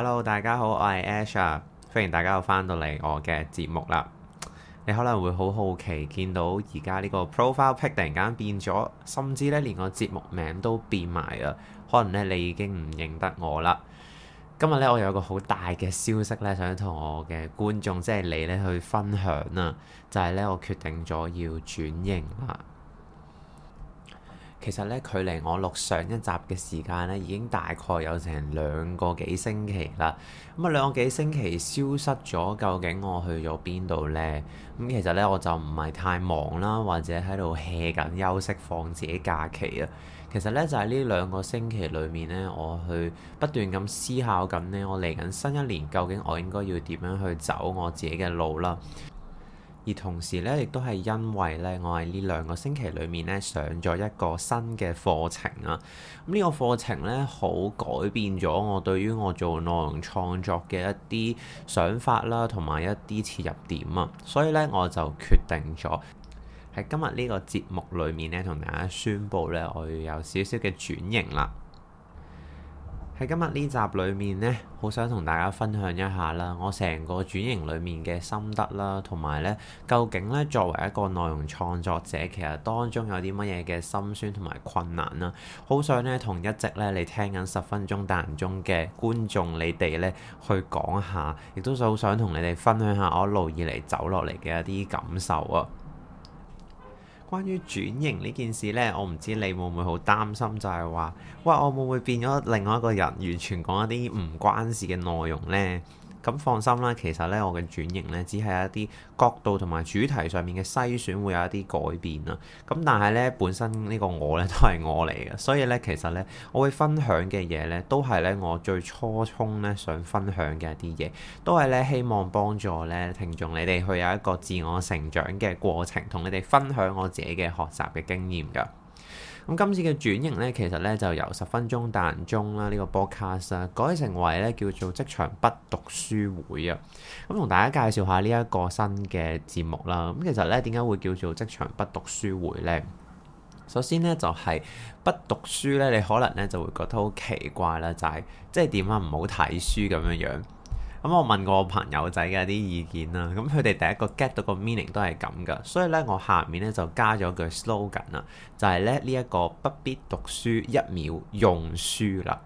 Hello，大家好，我係 Asha，歡迎大家又翻到嚟我嘅節目啦。你可能會好好奇見到而家呢個 profile pick 突然間變咗，甚至咧連個節目名都變埋啊。可能咧你已經唔認得我啦。今日咧我有個好大嘅消息咧，想同我嘅觀眾即係你咧去分享啦。就係咧我決定咗要轉型啦。其實咧，距離我錄上一集嘅時間咧，已經大概有成兩個幾星期啦。咁啊，兩個幾星期消失咗，究竟我去咗邊度呢？咁、嗯、其實咧，我就唔係太忙啦，或者喺度 hea 緊、休息、放自己假期啊。其實咧，就喺、是、呢兩個星期裏面咧，我去不斷咁思考緊呢，我嚟緊新一年，究竟我應該要點樣去走我自己嘅路啦？而同時咧，亦都係因為咧，我喺呢兩個星期裏面咧上咗一個新嘅課程啊。咁呢個課程咧，好改變咗我對於我做內容創作嘅一啲想法啦，同埋一啲切入點啊。所以咧，我就決定咗喺今日呢個節目裏面咧，同大家宣布咧，我有少少嘅轉型啦。喺今日呢集裏面呢，好想同大家分享一下啦，我成個轉型裏面嘅心得啦，同埋呢，究竟呢作為一個內容創作者，其實當中有啲乜嘢嘅心酸同埋困難啦，好想呢，同一直呢，你聽緊十分鐘但中嘅觀眾你哋呢去講下，亦都好想同你哋分享下我一路以嚟走落嚟嘅一啲感受啊！關於轉型呢件事呢，我唔知你會唔會好擔心就，就係話，「喂，我會唔會變咗另外一個人，完全講一啲唔關事嘅內容呢？」咁放心啦，其實咧，我嘅轉型咧，只係一啲角度同埋主題上面嘅篩選會有一啲改變啦。咁但係咧，本身呢個我咧都係我嚟嘅，所以咧，其實咧，我會分享嘅嘢咧，都係咧我最初衷咧想分享嘅一啲嘢，都係咧希望幫助咧聽眾你哋去有一個自我成長嘅過程，同你哋分享我自己嘅學習嘅經驗㗎。咁今次嘅轉型咧，其實咧就由十分鐘彈鐘啦，呢、這個 broadcast 啊，改成為咧叫做職場不讀書會啊。咁、嗯、同大家介紹下呢一個新嘅節目啦。咁其實咧，點解會叫做職場不讀書會咧？首先咧，就係、是、不讀書咧，你可能咧就會覺得好奇怪啦，就係、是、即係點啊，唔好睇書咁樣樣。咁、嗯、我問過我朋友仔嘅啲意見啦，咁佢哋第一個 get 到個 meaning 都係噉㗎，所以呢我下面呢就加咗句 slogan 啦，就係呢呢一個不必讀書一秒用書啦。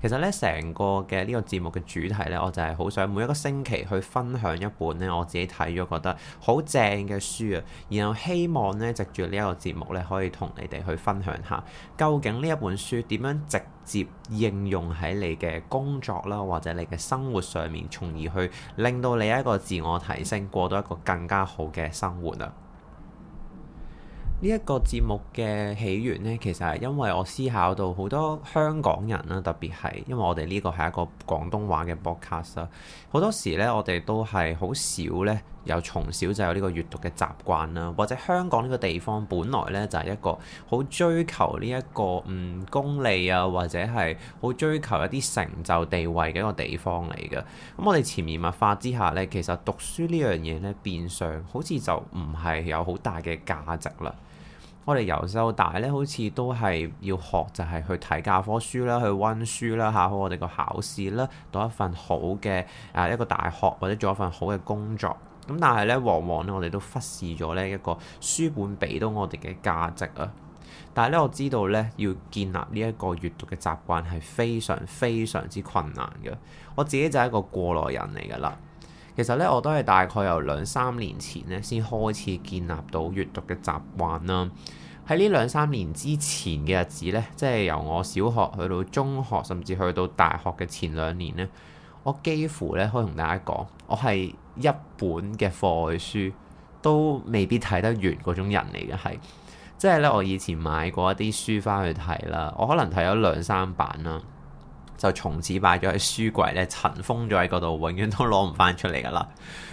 其實咧，成個嘅呢個節目嘅主題呢，我就係好想每一個星期去分享一本呢我自己睇咗覺得好正嘅書啊，然後希望呢，藉住呢一個節目呢，可以同你哋去分享下，究竟呢一本書點樣直接應用喺你嘅工作啦，或者你嘅生活上面，從而去令到你一個自我提升，過到一個更加好嘅生活啊！呢一個節目嘅起源呢，其實係因為我思考到好多香港人啦，特別係因為我哋呢個係一個廣東話嘅播客啦。好多時呢，我哋都係好少呢，有從小就有呢個閱讀嘅習慣啦。或者香港呢個地方本來呢就係、是、一個好追求呢、這、一個嗯功利啊，或者係好追求一啲成就地位嘅一個地方嚟嘅。咁、嗯、我哋潛移默化之下呢，其實讀書呢樣嘢呢，變相好似就唔係有好大嘅價值啦。我哋由小到大咧，好似都係要學，就係去睇教科書啦，去溫書啦嚇，考好我哋個考試啦，攞一份好嘅啊一個大學或者做一份好嘅工作。咁但係咧，往往咧我哋都忽視咗呢一個書本俾到我哋嘅價值啊。但係咧，我知道咧要建立呢一個閱讀嘅習慣係非常非常之困難嘅。我自己就係一個過來人嚟㗎啦。其實咧，我都係大概由兩三年前咧先開始建立到閱讀嘅習慣啦。喺呢兩三年之前嘅日子呢，即係由我小學去到中學，甚至去到大學嘅前兩年呢，我幾乎呢可以同大家講，我係一本嘅課外書都未必睇得完嗰種人嚟嘅，係即係呢，我以前買過一啲書返去睇啦，我可能睇咗兩三版啦。就從此擺咗喺書櫃咧，塵封咗喺嗰度，永遠都攞唔返出嚟噶啦。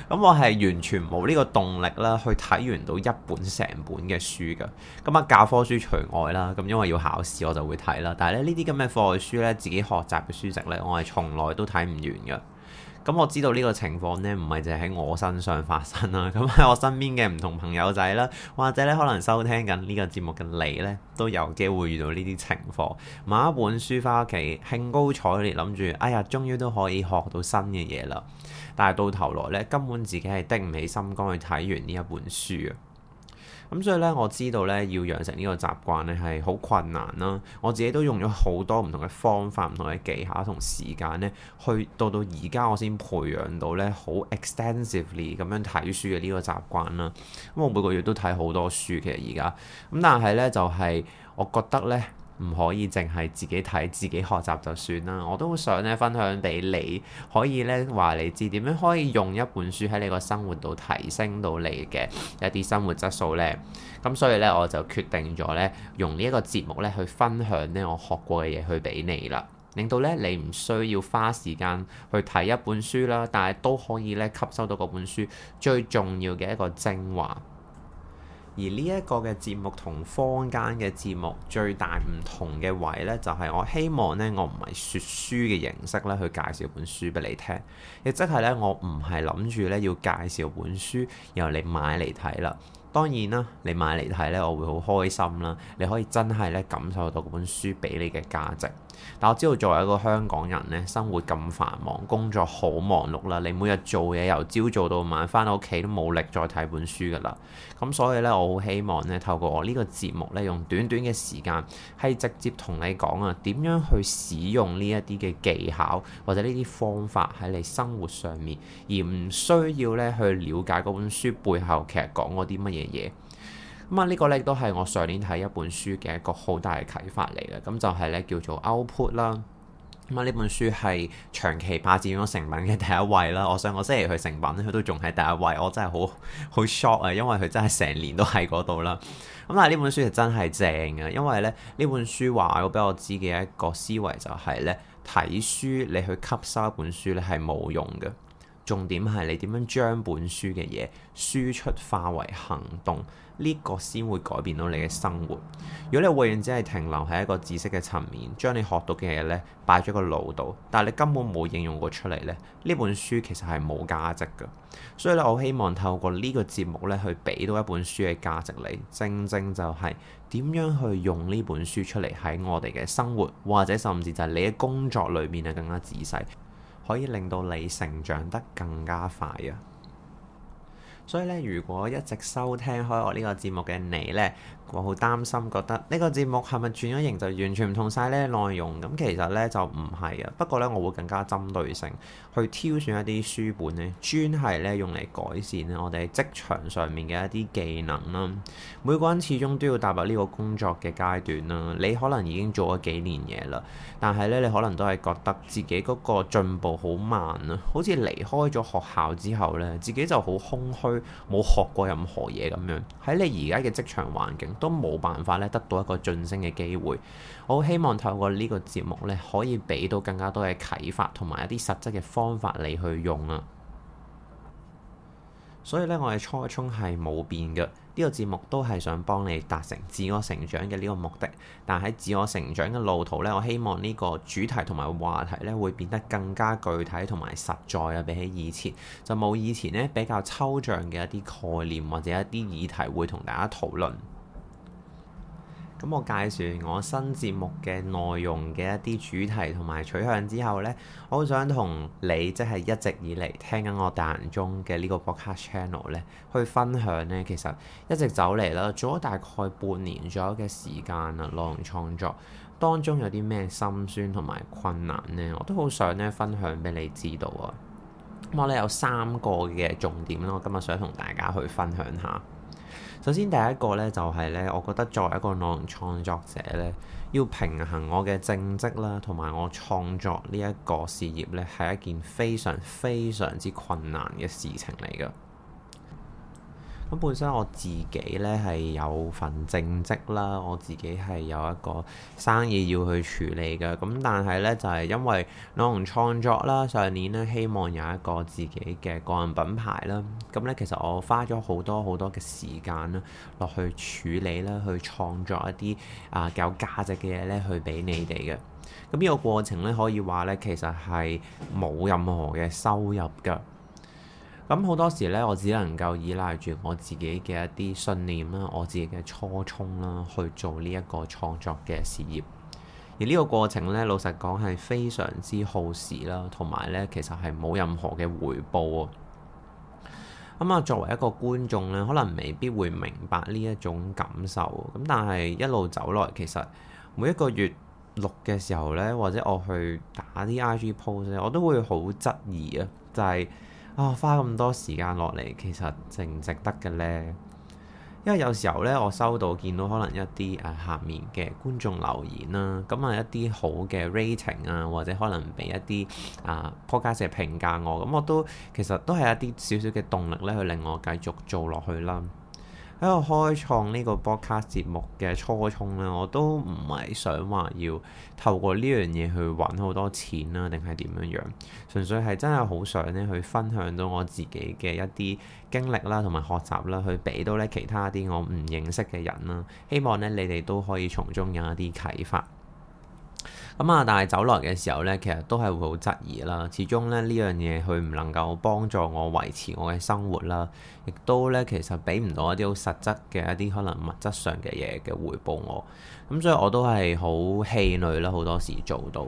咁我係完全冇呢個動力啦，去睇完到一本成本嘅書噶。咁啊，教科書除外啦。咁因為要考試，我就會睇啦。但係咧，呢啲咁嘅課外書咧，自己學習嘅書籍咧，我係從來都睇唔完嘅。咁、嗯、我知道呢個情況呢，唔係淨係喺我身上發生啦、啊。咁、嗯、喺我身邊嘅唔同朋友仔啦，或者咧可能收聽緊呢個節目嘅你呢，都有機會遇到呢啲情況。買一本書翻屋企，興高采烈諗住，哎呀，終於都可以學到新嘅嘢啦。但係到頭來呢，根本自己係頂唔起心肝去睇完呢一本書啊！咁所以咧，我知道咧要養成呢個習慣咧係好困難啦。我自己都用咗好多唔同嘅方法、唔同嘅技巧同時間咧，去到到而家我先培養到咧好 extensively 咁樣睇書嘅呢個習慣啦。咁、嗯、我每個月都睇好多書，其實而家咁，但係咧就係、是、我覺得咧。唔可以淨係自己睇、自己學習就算啦。我都想咧分享俾你，可以咧話你知點樣可以用一本書喺你個生活度提升到你嘅一啲生活質素咧。咁所以咧，我就決定咗咧用呢一個節目咧去分享咧我學過嘅嘢去俾你啦，令到咧你唔需要花時間去睇一本書啦，但係都可以咧吸收到嗰本書最重要嘅一個精華。而呢一個嘅節目同坊間嘅節目最大唔同嘅位呢，就係我希望呢，我唔係說書嘅形式咧去介紹本書俾你聽。亦即係呢，我唔係諗住呢要介紹本書，然後你買嚟睇啦。當然啦，你買嚟睇呢，我會好開心啦。你可以真係呢感受到本書俾你嘅價值。但我知道作為一個香港人咧，生活咁繁忙，工作好忙碌啦，你每日做嘢由朝做到晚，返到屋企都冇力再睇本書噶啦。咁所以咧，我好希望咧，透過我呢個節目咧，用短短嘅時間，係直接同你講啊，點樣去使用呢一啲嘅技巧或者呢啲方法喺你生活上面，而唔需要咧去了解嗰本書背後其實講過啲乜嘢嘢。咁啊，呢、嗯這個咧都係我上年睇一本書嘅一個好大嘅啟發嚟嘅。咁就係咧叫做 Output 啦。咁、嗯、啊，呢本書係長期霸佔咗誠品嘅第一位啦。我上個星期去誠品，佢都仲係第一位，我真係好好 shock 啊！因為佢真係成年都喺嗰度啦。咁、嗯、但係呢本書就真係正啊，因為咧呢本書話俾我知嘅一個思維就係咧睇書你去吸收本書咧係冇用嘅，重點係你點樣將本書嘅嘢輸出化為行動。呢個先會改變到你嘅生活。如果你永遠只係停留喺一個知識嘅層面，將你學到嘅嘢呢擺咗個腦度，但係你根本冇應用過出嚟呢。呢本書其實係冇價值㗎。所以咧，我好希望透過呢個節目呢，去俾到一本書嘅價值你，正正就係點樣去用呢本書出嚟喺我哋嘅生活，或者甚至就係你嘅工作裏面啊更加仔細，可以令到你成長得更加快啊！所以咧，如果一直收聽開我呢個節目嘅你呢，我好擔心，覺得呢個節目係咪轉咗型就完全唔同晒呢內容？咁其實呢，就唔係啊。不過呢，我會更加針對性去挑選一啲書本呢，專係呢，用嚟改善我哋職場上面嘅一啲技能啦。每個人始終都要踏入呢個工作嘅階段啦。你可能已經做咗幾年嘢啦，但係呢，你可能都係覺得自己嗰個進步好慢啊，好似離開咗學校之後呢，自己就好空虛，冇學過任何嘢咁樣。喺你而家嘅職場環境。都冇辦法咧，得到一個晉升嘅機會。我好希望透過呢個節目咧，可以俾到更加多嘅啟發，同埋一啲實質嘅方法你去用啊。所以咧，我嘅初衷係冇變嘅。呢個節目都係想幫你達成自我成長嘅呢個目的。但喺自我成長嘅路途咧，我希望呢個主題同埋話題咧會變得更加具體同埋實在啊，比起以前就冇以前呢比較抽象嘅一啲概念或者一啲議題會同大家討論。咁我介紹完我新節目嘅內容嘅一啲主題同埋取向之後呢，我好想同你即係、就是、一直以嚟聽緊我彈中嘅呢個播客 channel 咧，去分享呢。其實一直走嚟啦，做咗大概半年左右嘅時間啦，內容創作當中有啲咩心酸同埋困難呢，我都好想呢分享俾你知道啊！咁我咧有三個嘅重點啦，我今日想同大家去分享下。首先第一個咧，就係咧，我覺得作為一個內容創作者咧，要平衡我嘅正職啦，同埋我創作呢一個事業咧，係一件非常非常之困難嘅事情嚟㗎。本身我自己咧係有份正職啦，我自己係有一個生意要去處理嘅。咁但係咧就係因為內容創作啦，上年咧希望有一個自己嘅個人品牌啦。咁咧其實我花咗好多好多嘅時間啦，落去處理啦，去創作一啲啊有價值嘅嘢咧，去俾你哋嘅。咁呢個過程咧可以話咧，其實係冇任何嘅收入㗎。咁好多時咧，我只能夠依賴住我自己嘅一啲信念啦，我自己嘅初衷啦，去做呢一個創作嘅事業。而呢個過程咧，老實講係非常之耗時啦，同埋咧，其實係冇任何嘅回報啊。咁、嗯、啊，作為一個觀眾咧，可能未必會明白呢一種感受。咁但係一路走來，其實每一個月錄嘅時候咧，或者我去打啲 IG post 我都會好質疑啊，就係、是。啊、哦，花咁多時間落嚟，其實值唔值得嘅呢？因為有時候呢，我收到見到可能一啲誒、啊、下面嘅觀眾留言啦，咁啊、嗯、一啲好嘅 rating 啊，或者可能俾一啲啊 podcaster 評價我，咁、嗯、我都其實都係一啲少少嘅動力呢，去令我繼續做落去啦。啊喺度開創呢個播客節目嘅初衷咧，我都唔係想話要透過呢樣嘢去揾好多錢啦，定係點樣樣？純粹係真係好想咧去分享到我自己嘅一啲經歷啦，同埋學習啦，去俾到咧其他啲我唔認識嘅人啦。希望咧你哋都可以從中有一啲啟發。咁啊、嗯，但係走來嘅時候呢，其實都係會好質疑啦。始終咧呢樣嘢，佢唔能夠幫助我維持我嘅生活啦，亦都呢，其實俾唔到一啲好實質嘅一啲可能物質上嘅嘢嘅回報我。咁、嗯、所以我都係好氣餒啦，好多時做到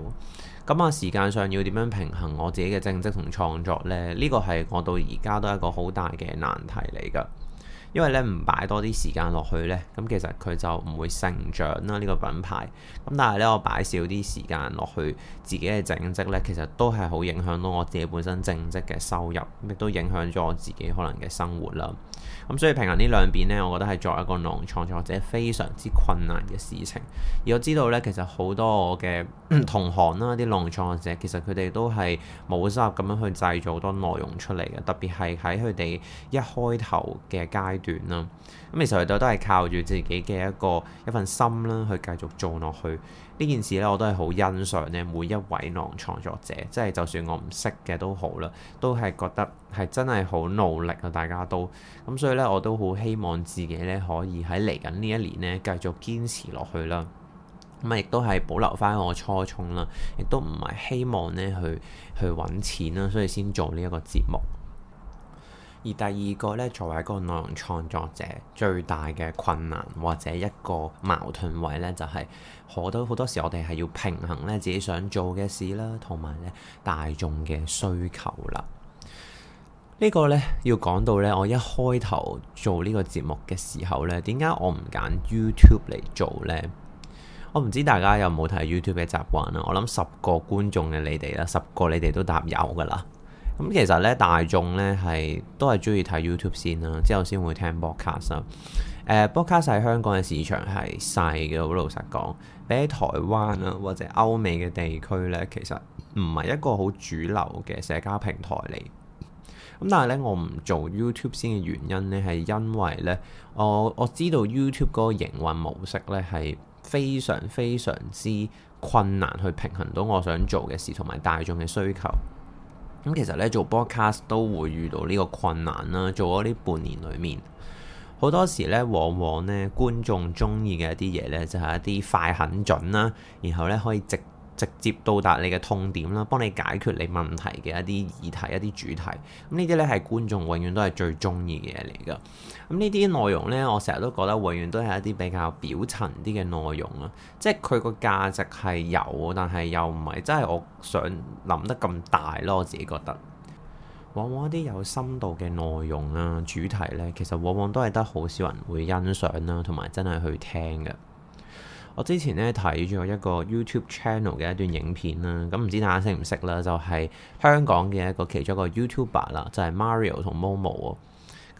咁啊、嗯。時間上要點樣平衡我自己嘅正職同創作呢？呢個係我到而家都係一個好大嘅難題嚟噶。因為咧唔擺多啲時間落去呢，咁其實佢就唔會成長啦呢個品牌。咁但係呢，我擺少啲時間落去自己嘅正職呢，其實都係好影響到我自己本身正職嘅收入，亦都影響咗我自己可能嘅生活啦。咁、嗯、所以平衡呢兩邊呢，我覺得係作為一個內容創作者非常之困難嘅事情。而我知道呢，其實好多我嘅 同行啦，啲內容創作者其實佢哋都係冇收入咁樣去製造多內容出嚟嘅，特別係喺佢哋一開頭嘅階段啦。咁、啊、其實佢哋都係靠住自己嘅一個一份心啦，去繼續做落去。呢件事咧，我都係好欣賞咧每一位內容創作者，即係就算我唔識嘅都好啦，都係覺得係真係好努力啊！大家都咁，所以咧我都好希望自己咧可以喺嚟緊呢一年咧繼續堅持落去啦。咁啊，亦都係保留翻我初衷啦，亦都唔係希望咧去去揾錢啦，所以先做呢一個節目。而第二個咧，作為一個內容創作者，最大嘅困難或者一個矛盾位咧，就係。好多好多時，我哋係要平衡咧自己想做嘅事啦，同埋咧大眾嘅需求啦。這個、呢個咧要講到咧，我一開頭做呢個節目嘅時候咧，點解我唔揀 YouTube 嚟做咧？我唔知大家有冇睇 YouTube 嘅習慣啊？我諗十個觀眾嘅你哋啦，十個你哋都答有㗎啦。咁其實咧，大眾咧係都係鍾意睇 YouTube 先啦，之後先會聽播卡啦。誒、呃，播卡喺香港嘅市場係細嘅，好老實講。比喺台灣啊，或者歐美嘅地區咧，其實唔係一個好主流嘅社交平台嚟。咁但係咧，我唔做 YouTube 先嘅原因咧，係因為咧，我我知道 YouTube 嗰個營運模式咧係非常非常之困難去平衡到我想做嘅事同埋大眾嘅需求。咁、嗯、其實咧做 podcast 都會遇到呢個困難啦。做咗呢半年裡面。好多時咧，往往咧觀眾中意嘅一啲嘢咧，就係一啲快、狠、準啦，然後咧可以直直接到達你嘅痛點啦，幫你解決你問題嘅一啲議題、一啲主題。咁呢啲咧係觀眾永遠都係最中意嘅嘢嚟㗎。咁呢啲內容咧，我成日都覺得永遠都係一啲比較表層啲嘅內容啊。即係佢個價值係有，但係又唔係真係我想諗得咁大咯，我自己覺得。往往一啲有深度嘅內容啊，主題呢，其實往往都係得好少人會欣賞啦、啊，同埋真係去聽嘅。我之前呢睇咗一個 YouTube channel 嘅一段影片啦，咁、嗯、唔知大家識唔識啦？就係、是、香港嘅一個其中一個 YouTuber 啦，就係 Mario 同 Momo 啊。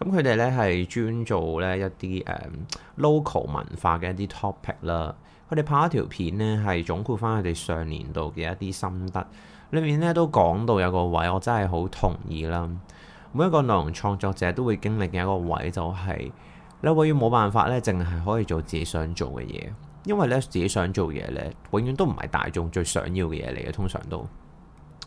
咁佢哋呢係專做呢一啲、嗯、local 文化嘅一啲 topic 啦。佢哋拍一條片呢，係總括翻佢哋上年度嘅一啲心得。裏面咧都講到有個位，我真係好同意啦。每一個內容創作者都會經歷嘅一個位，就係，就係你永遠冇辦法咧，淨係可以做自己想做嘅嘢，因為咧自己想做嘅嘢咧，永遠都唔係大眾最想要嘅嘢嚟嘅，通常都。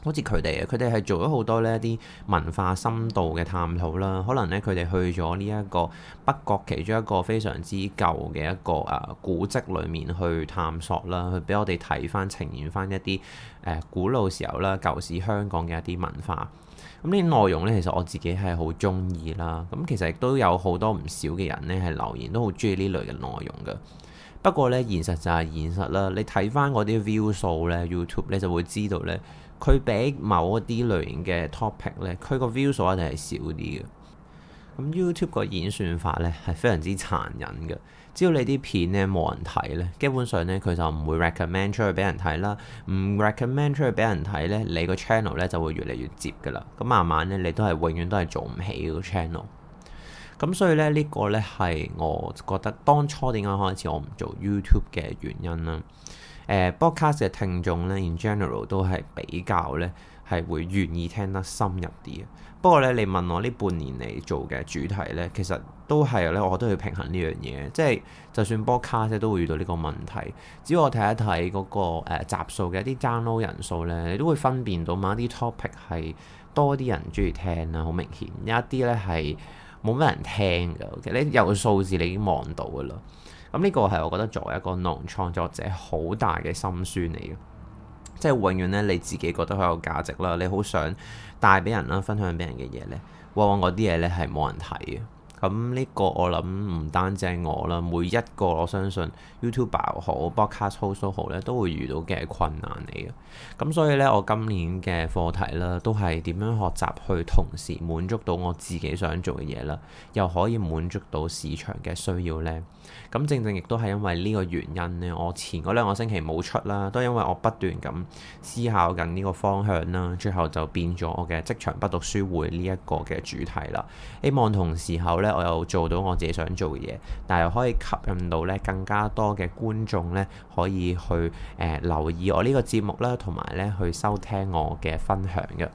好似佢哋啊，佢哋係做咗好多呢一啲文化深度嘅探討啦。可能呢，佢哋去咗呢一個北角其中一個非常之舊嘅一個啊古蹟裏面去探索啦，去俾我哋睇翻呈現翻一啲誒、呃、古老時候啦舊時香港嘅一啲文化。咁呢啲內容呢，其實我自己係好中意啦。咁其實亦都有好多唔少嘅人呢係留言都好中意呢類嘅內容嘅。不過呢，現實就係現實啦。你睇翻嗰啲 view 數呢 YouTube 呢就會知道呢。佢俾某一啲類型嘅 topic 咧，佢個 view 數一定係少啲嘅。咁 YouTube 個演算法咧係非常之殘忍嘅。只要你啲片咧冇人睇咧，基本上咧佢就唔會 recommend 出去俾人睇啦。唔 recommend 出去俾人睇咧，你個 channel 咧就會越嚟越接噶啦。咁慢慢咧，你都係永遠都係做唔起個 channel。咁所以咧，呢個咧係我覺得當初點解開始我唔做 YouTube 嘅原因啦。誒播 c a 嘅聽眾咧，in general 都係比較咧，係會願意聽得深入啲啊。不過咧，你問我呢半年嚟做嘅主題咧，其實都係咧，我都去平衡呢樣嘢。即、就、係、是、就算播 c a s 都會遇到呢個問題。只要我睇一睇嗰、那個、呃、集數嘅一啲 journal 人數咧，你都會分辨到某啲 topic 係多啲人中意聽啦，好明顯。一啲咧係冇乜人聽嘅。其實你有數字你已經望到㗎啦。咁呢個係我覺得作為一個內容創作者好大嘅心酸嚟嘅，即係永遠咧你自己覺得好有價值啦，你好想帶俾人啦，分享俾人嘅嘢咧，往往嗰啲嘢咧係冇人睇嘅。咁呢個我諗唔單止我啦，每一個我相信 YouTube 好、Podcast 好、social 好咧，都會遇到嘅困難嚟嘅。咁所以呢，我今年嘅課題啦，都係點樣學習去同時滿足到我自己想做嘅嘢啦，又可以滿足到市場嘅需要呢。咁正正亦都係因為呢個原因呢，我前嗰兩個星期冇出啦，都因為我不斷咁思考緊呢個方向啦，最後就變咗我嘅職場不讀書會呢一個嘅主題啦。希望同時候呢。我又做到我自己想做嘅嘢，但係可以吸引到咧更加多嘅觀眾咧，可以去誒、呃、留意我呢個節目啦，同埋咧去收聽我嘅分享嘅。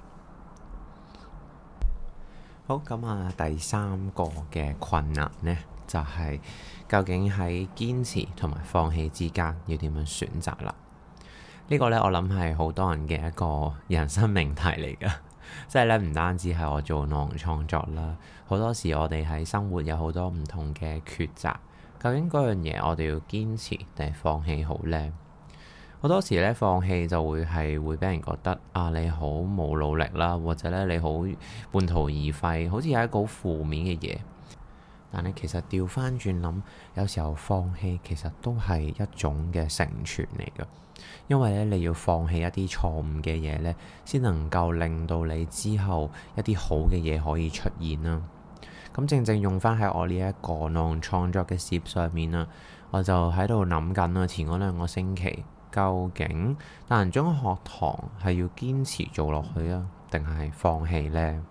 好，咁啊，第三個嘅困難呢，就係、是、究竟喺堅持同埋放棄之間要點樣選擇啦？呢、這個呢，我諗係好多人嘅一個人生命題嚟㗎。即係咧，唔單止係我做內容創作啦，好多時我哋喺生活有好多唔同嘅抉擇。究竟嗰樣嘢我哋要堅持定係放棄好呢？好多時咧放棄就會係會俾人覺得啊，你好冇努力啦，或者咧你好半途而廢，好似有一個負面嘅嘢。但係其實調翻轉諗，有時候放棄其實都係一種嘅成全嚟㗎，因為咧你要放棄一啲錯誤嘅嘢咧，先能夠令到你之後一啲好嘅嘢可以出現啦，啊。咁正正用翻喺我呢一個創作嘅事業上面啊，我就喺度諗緊啊，前嗰兩個星期究竟達人中學堂係要堅持做落去啊，定係放棄呢？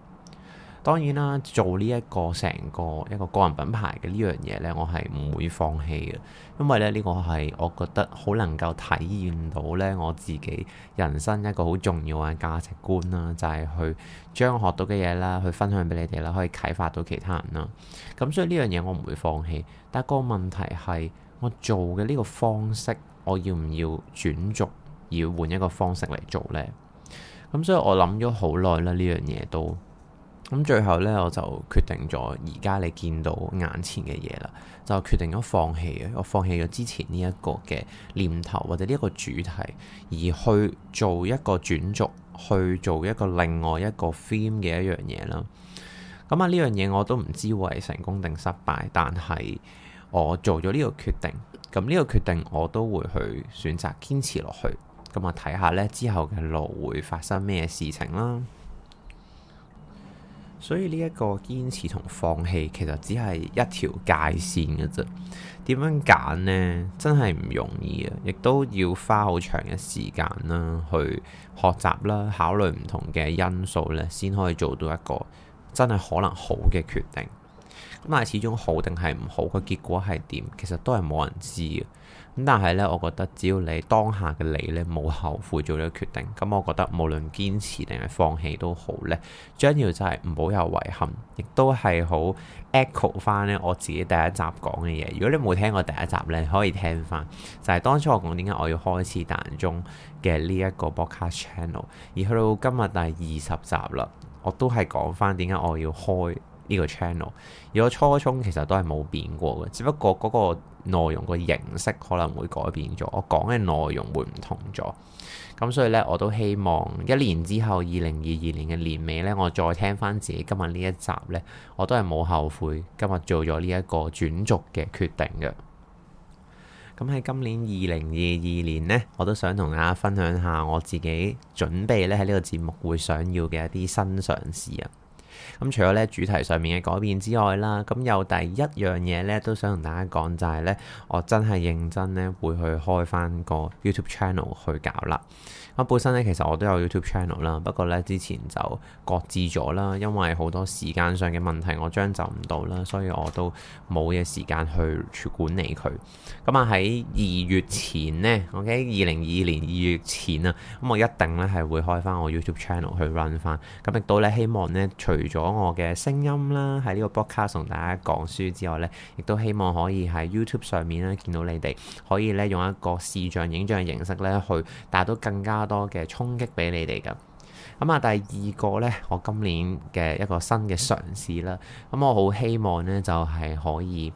當然啦，做呢、這、一個成個一個個人品牌嘅呢樣嘢呢，我係唔會放棄嘅，因為咧呢個係我覺得好能夠體驗到呢我自己人生一個好重要嘅價值觀啦，就係、是、去將學到嘅嘢啦，去分享俾你哋啦，可以啟發到其他人啦。咁所以呢樣嘢我唔會放棄，但個問題係我做嘅呢個方式，我要唔要轉軸，要換一個方式嚟做呢？咁所以我諗咗好耐啦，呢樣嘢都。咁最後咧，我就決定咗而家你見到眼前嘅嘢啦，就決定咗放棄，我放棄咗之前呢一個嘅念頭或者呢一個主題，而去做一個轉軸，去做一個另外一個 theme 嘅一樣嘢啦。咁啊，呢樣嘢我都唔知會係成功定失敗，但係我做咗呢個決定，咁呢個決定我都會去選擇堅持落去，咁啊，睇下咧之後嘅路會發生咩事情啦。所以呢一個堅持同放棄其實只係一條界線嘅啫，點樣揀呢？真係唔容易啊！亦都要花好長嘅時間啦，去學習啦，考慮唔同嘅因素咧，先可以做到一個真係可能好嘅決定。咁但係始終好定係唔好嘅結果係點，其實都係冇人知嘅。咁但係咧，我覺得只要你當下嘅你咧冇後悔做呢個決定，咁、嗯、我覺得無論堅持定係放棄都好咧， 將要就係唔好有遺憾，亦都係好 echo 翻咧我自己第一集講嘅嘢。如果你冇聽過第一集咧，可以聽翻，就係、是、當初我講點解我要開始彈鐘嘅呢一個 podcast channel，而去到今日第二十集啦，我都係講翻點解我要開呢個 channel，而我初衷其實都係冇變過嘅，只不過嗰、那個。內容嘅形式可能會改變咗，我講嘅內容會唔同咗。咁所以咧，我都希望一年之後，二零二二年嘅年尾咧，我再聽翻自己今日呢一集咧，我都係冇後悔今日做咗呢一個轉型嘅決定嘅。咁喺今年二零二二年呢，我都想同大家分享下我自己準備咧喺呢個節目會想要嘅一啲新嘗試啊！咁除咗咧主題上面嘅改變之外啦，咁有第一樣嘢咧都想同大家講就係咧，我真係認真咧會去開翻個 YouTube channel 去搞啦。咁本身咧其實我都有 YouTube channel 啦，不過咧之前就擱置咗啦，因為好多時間上嘅問題我將就唔到啦，所以我都冇嘢時間去去管理佢。咁啊喺二月前呢，ok 二零二二年二月前啊，咁我一定咧係會開翻我 YouTube channel 去 run 翻。咁亦都咧希望咧除除咗我嘅聲音啦，喺呢個播客同大家講書之外呢，亦都希望可以喺 YouTube 上面咧見到你哋，可以咧用一個視像影像嘅形式咧去帶到更加多嘅衝擊俾你哋噶。咁、嗯、啊，第二個呢，我今年嘅一個新嘅嘗試啦，咁、嗯、我好希望呢就係、是、可以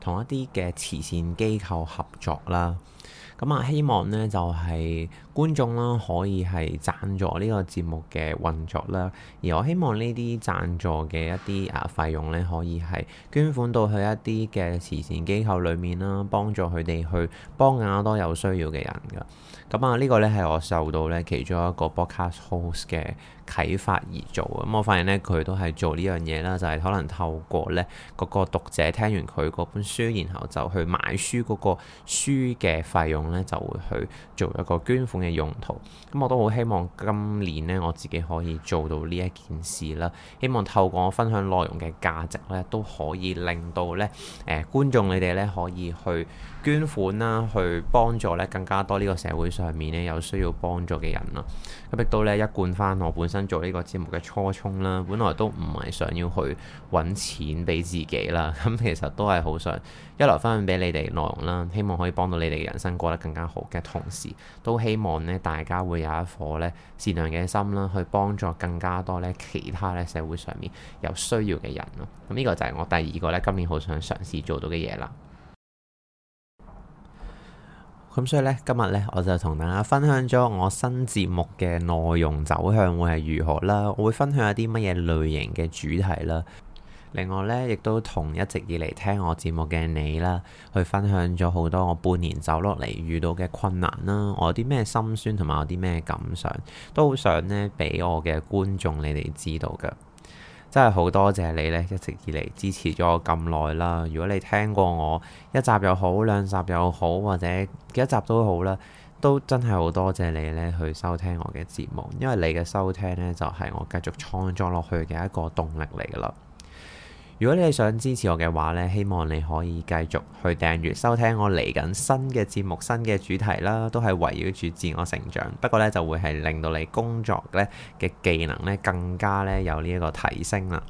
同一啲嘅慈善機構合作啦。咁、嗯、啊，希望呢就係、是、觀眾啦，可以係贊助呢個節目嘅運作啦，而我希望呢啲贊助嘅一啲啊費用咧，可以係捐款到去一啲嘅慈善機構裏面啦，幫助佢哋去幫更多有需要嘅人噶。咁啊，呢、這個咧係我受到咧其中一個 podcast host 嘅啟發而做，咁我發現咧佢都係做呢樣嘢啦，就係、是、可能透過咧個讀者聽完佢本書，然後就去買書個書嘅費用咧，就會去做一個捐款嘅。用途咁，我都好希望今年咧，我自己可以做到呢一件事啦。希望透過我分享內容嘅價值咧，都可以令到咧，誒，觀眾你哋咧可以去。捐款啦，去幫助咧更加多呢個社會上面咧有需要幫助嘅人啦。咁亦都咧一貫翻我本身做呢個節目嘅初衷啦。本來都唔係想要去揾錢俾自己啦。咁其實都係好想一嚟分享俾你哋內容啦，希望可以幫到你哋嘅人生過得更加好嘅同時，都希望咧大家會有一顆咧善良嘅心啦，去幫助更加多咧其他咧社會上面有需要嘅人咯。咁呢個就係我第二個咧今年好想嘗試做到嘅嘢啦。咁所以咧，今日咧，我就同大家分享咗我新節目嘅內容走向會係如何啦，我會分享一啲乜嘢類型嘅主題啦。另外咧，亦都同一直以嚟聽我節目嘅你啦，去分享咗好多我半年走落嚟遇到嘅困難啦，我有啲咩心酸同埋有啲咩感想，都好想呢，俾我嘅觀眾你哋知道㗎。真係好多謝你呢，一直以嚟支持咗我咁耐啦。如果你聽過我一集又好，兩集又好，或者幾多集都好啦，都真係好多謝你呢去收聽我嘅節目，因為你嘅收聽呢，就係我繼續創作落去嘅一個動力嚟噶啦。如果你係想支持我嘅話咧，希望你可以繼續去訂閲收聽我嚟緊新嘅節目、新嘅主題啦，都係圍繞住自我成長。不過咧，就會係令到你工作咧嘅技能咧更加咧有呢一個提升啦。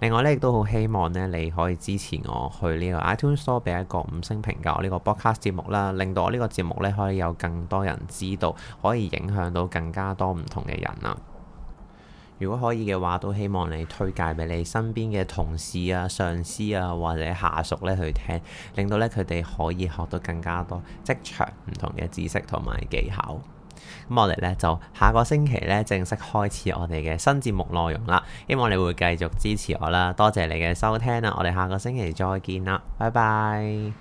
另外咧，亦都好希望咧你可以支持我去呢個 iTunes Store 俾一個五星評價我呢個 Podcast 節目啦，令到我呢個節目咧可以有更多人知道，可以影響到更加多唔同嘅人啦。如果可以嘅話，都希望你推介俾你身邊嘅同事啊、上司啊或者下屬呢去聽，令到呢佢哋可以學到更加多職場唔同嘅知識同埋技巧。咁我哋呢就下個星期呢正式開始我哋嘅新節目內容啦。希望你會繼續支持我啦，多謝你嘅收聽啦。我哋下個星期再見啦，拜拜。